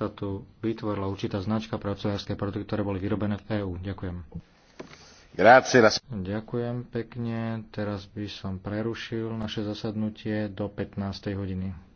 sa tu vytvorila určitá značka pracovárskej produkty, ktoré boli vyrobené v EÚ. Ďakujem. Ďakujem pekne. Teraz by som prerušil naše zasadnutie do 15. hodiny.